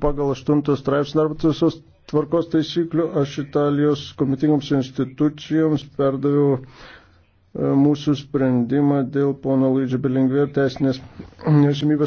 pagal 8 straipsnį arba visos tvarkos taisyklių aš Italijos komitingoms institucijoms perdaviau e, mūsų sprendimą dėl pono Luidžio Belingvė teisinės nežymybės